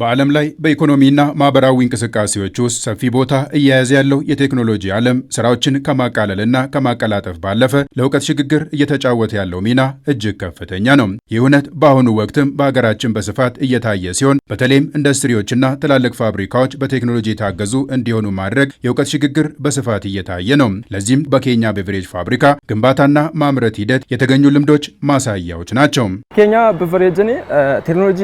በዓለም ላይ በኢኮኖሚና ማህበራዊ እንቅስቃሴዎች ውስጥ ሰፊ ቦታ እየያዘ ያለው የቴክኖሎጂ ዓለም ስራዎችን ከማቃለልና ከማቀላጠፍ ባለፈ ለእውቀት ሽግግር እየተጫወተ ያለው ሚና እጅግ ከፍተኛ ነው። ይህ እውነት በአሁኑ ወቅትም በሀገራችን በስፋት እየታየ ሲሆን በተለይም ኢንዱስትሪዎችና ትላልቅ ፋብሪካዎች በቴክኖሎጂ የታገዙ እንዲሆኑ ማድረግ የእውቀት ሽግግር በስፋት እየታየ ነው። ለዚህም በኬኛ ቤቨሬጅ ፋብሪካ ግንባታና ማምረት ሂደት የተገኙ ልምዶች ማሳያዎች ናቸው። ኬኛ ቤቨሬጅ ቴክኖሎጂ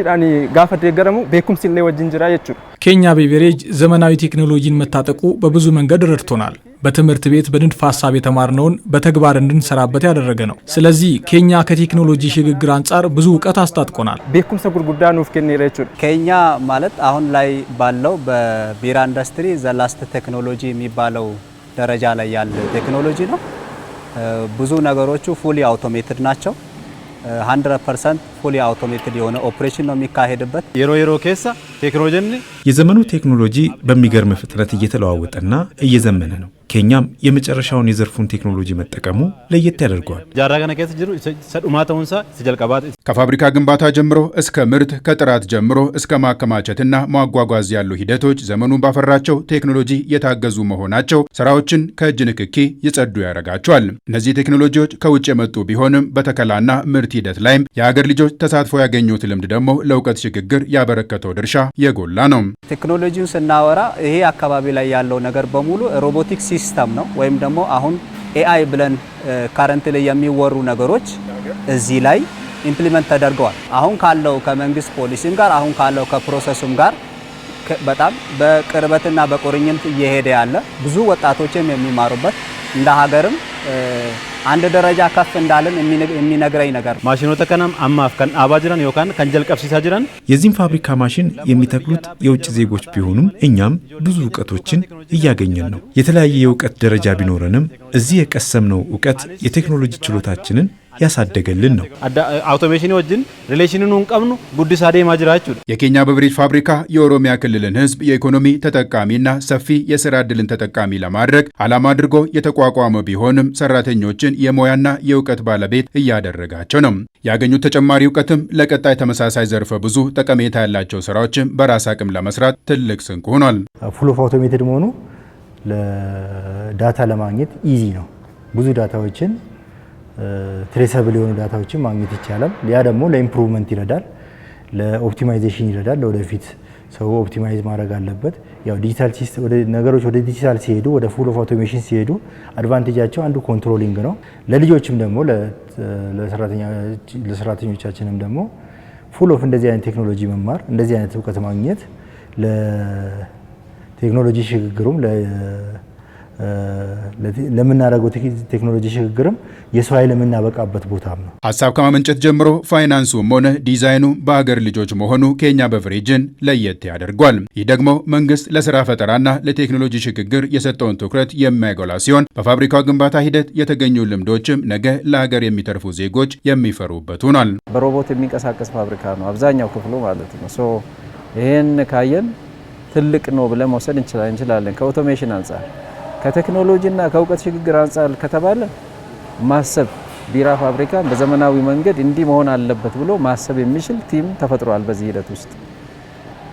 ጋፈት ደገረሙ ቤኩም illee wajjin jira jechuudha. ኬኛ ቤቬሬጅ ዘመናዊ ቴክኖሎጂን መታጠቁ በብዙ መንገድ ረድቶናል። በትምህርት ቤት በንድፈ ሀሳብ የተማርነውን በተግባር እንድንሰራበት ያደረገ ነው። ስለዚህ ኬኛ ከቴክኖሎጂ ሽግግር አንጻር ብዙ እውቀት አስታጥቆናል። ቤኩምሰ ጉርጉዳ ኑፍ ኬኔ ኬኛ ማለት አሁን ላይ ባለው በቢራ ኢንዱስትሪ ዘላስት ቴክኖሎጂ የሚባለው ደረጃ ላይ ያለ ቴክኖሎጂ ነው። ብዙ ነገሮቹ ፉሊ አውቶሜትድ ናቸው። 100 ፐርሰንት ፉሊ አውቶሜትድ የሆነ ኦፕሬሽን ነው የሚካሄድበት። የሮ የሮ ኬሳ ቴክኖሎጂ የዘመኑ ቴክኖሎጂ በሚገርም ፍጥነት እየተለዋወጠና እየዘመነ ነው። ኬኛም የመጨረሻውን የዘርፉን ቴክኖሎጂ መጠቀሙ ለየት ያደርገዋል። ከፋብሪካ ግንባታ ጀምሮ እስከ ምርት፣ ከጥራት ጀምሮ እስከ ማከማቸትና ማጓጓዝ ያሉ ሂደቶች ዘመኑን ባፈራቸው ቴክኖሎጂ የታገዙ መሆናቸው ስራዎችን ከእጅ ንክኪ ይጸዱ ያደርጋቸዋል። እነዚህ ቴክኖሎጂዎች ከውጭ የመጡ ቢሆንም በተከላና ምርት ሂደት ላይም የሀገር ልጆች ተሳትፎ ያገኙት ልምድ ደግሞ ለእውቀት ሽግግር ያበረከተው ድርሻ የጎላ ነው። ቴክኖሎጂውን ስናወራ ይሄ አካባቢ ላይ ያለው ነገር በሙሉ ሮቦቲክስ ሲስተም ነው ወይም ደግሞ አሁን ኤአይ ብለን ካረንት ላይ የሚወሩ ነገሮች እዚህ ላይ ኢምፕሊመንት ተደርገዋል። አሁን ካለው ከመንግስት ፖሊሲም ጋር አሁን ካለው ከፕሮሰሱም ጋር በጣም በቅርበትና በቁርኝት እየሄደ ያለ ብዙ ወጣቶችም የሚማሩበት እንደ ሀገርም አንድ ደረጃ ከፍ እንዳልን የሚነግረኝ ነገር ማሽኖተ ተከናም አማፍ ከን አባ ጅረን ዮካን ከን ጀልቀብሲሳ ጅረን የዚህም ፋብሪካ ማሽን የሚተክሉት የውጭ ዜጎች ቢሆኑም እኛም ብዙ እውቀቶችን እያገኘን ነው። የተለያየ የእውቀት ደረጃ ቢኖረንም እዚህ የቀሰምነው እውቀት የቴክኖሎጂ ችሎታችንን ያሳደገልን ነው። አውቶሜሽን ወጅን ሪሌሽንን ቀምኑ ጉዲሳ ዴማ ጅራችሁ የኬኛ በብሪጅ ፋብሪካ የኦሮሚያ ክልልን ህዝብ የኢኮኖሚ ተጠቃሚና ሰፊ የስራ ዕድልን ተጠቃሚ ለማድረግ አላማ አድርጎ የተቋቋመ ቢሆንም ሰራተኞችን የሙያና የእውቀት ባለቤት እያደረጋቸው ነው። ያገኙት ተጨማሪ እውቀትም ለቀጣይ ተመሳሳይ ዘርፈ ብዙ ጠቀሜታ ያላቸው ስራዎችን በራስ አቅም ለመስራት ትልቅ ስንቅ ሆኗል። ፉል ኦፍ አውቶሜትድ መሆኑ ለዳታ ለማግኘት ኢዚ ነው። ብዙ ዳታዎችን ትሬሰብል የሆኑ ዳታዎችን ማግኘት ይቻላል። ያ ደግሞ ለኢምፕሩቭመንት ይረዳል፣ ለኦፕቲማይዜሽን ይረዳል። ለወደፊት ሰው ኦፕቲማይዝ ማድረግ አለበት። ያው ዲጂታል ነገሮች ወደ ዲጂታል ሲሄዱ ወደ ፉል ኦፍ አውቶሜሽን ሲሄዱ አድቫንቴጃቸው አንዱ ኮንትሮሊንግ ነው። ለልጆችም ደግሞ ለሰራተኞቻችንም ደግሞ ፉል ኦፍ እንደዚህ አይነት ቴክኖሎጂ መማር እንደዚህ አይነት እውቀት ማግኘት ለቴክኖሎጂ ሽግግሩም ለምናደርገው ቴክኖሎጂ ሽግግርም የሰው ኃይል የምናበቃበት ቦታም ነው። ሀሳብ ከማመንጨት ጀምሮ ፋይናንሱም ሆነ ዲዛይኑ በሀገር ልጆች መሆኑ ኬኛ በፍሪጅን ለየት ያደርጓል። ይህ ደግሞ መንግስት ለስራ ፈጠራና ለቴክኖሎጂ ሽግግር የሰጠውን ትኩረት የሚያጎላ ሲሆን በፋብሪካው ግንባታ ሂደት የተገኙ ልምዶችም ነገ ለሀገር የሚተርፉ ዜጎች የሚፈሩበት ሆኗል። በሮቦት የሚንቀሳቀስ ፋብሪካ ነው አብዛኛው ክፍሉ ማለት ነው። ይህን ካየን ትልቅ ነው ብለን መውሰድ እንችላለን ከኦቶሜሽን አንጻር ከቴክኖሎጂና ከእውቀት ሽግግር አንጻር ከተባለ ማሰብ ቢራ ፋብሪካ በዘመናዊ መንገድ እንዲህ መሆን አለበት ብሎ ማሰብ የሚችል ቲም ተፈጥሯል በዚህ ሂደት ውስጥ።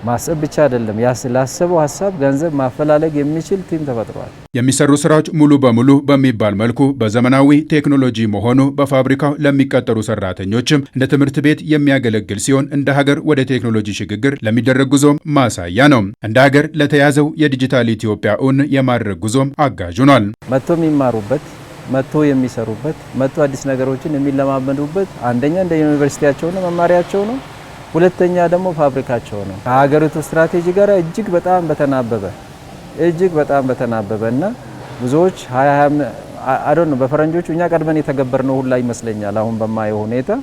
ማሰብ ብቻ አይደለም፣ ላሰበው ሀሳብ ገንዘብ ማፈላለግ የሚችል ቲም ተፈጥሯል። የሚሰሩ ስራዎች ሙሉ በሙሉ በሚባል መልኩ በዘመናዊ ቴክኖሎጂ መሆኑ በፋብሪካው ለሚቀጠሩ ሰራተኞችም እንደ ትምህርት ቤት የሚያገለግል ሲሆን እንደ ሀገር ወደ ቴክኖሎጂ ሽግግር ለሚደረግ ጉዞም ማሳያ ነው። እንደ ሀገር ለተያዘው የዲጂታል ኢትዮጵያ እውን የማድረግ ጉዞም አጋዥ ሆኗል። መጥቶ የሚማሩበት መጥቶ የሚሰሩበት መጥቶ አዲስ ነገሮችን የሚለማመዱበት አንደኛ እንደ ዩኒቨርሲቲያቸው ነው መማሪያቸው ነው ሁለተኛ ደግሞ ፋብሪካቸው ነው። ከሀገሪቱ ስትራቴጂ ጋር እጅግ በጣም በተናበበ እጅግ በጣም በተናበበ እና ብዙዎች አዶን በፈረንጆቹ እኛ ቀድመን የተገበርነው ሁላ ይመስለኛል አሁን በማየው ሁኔታ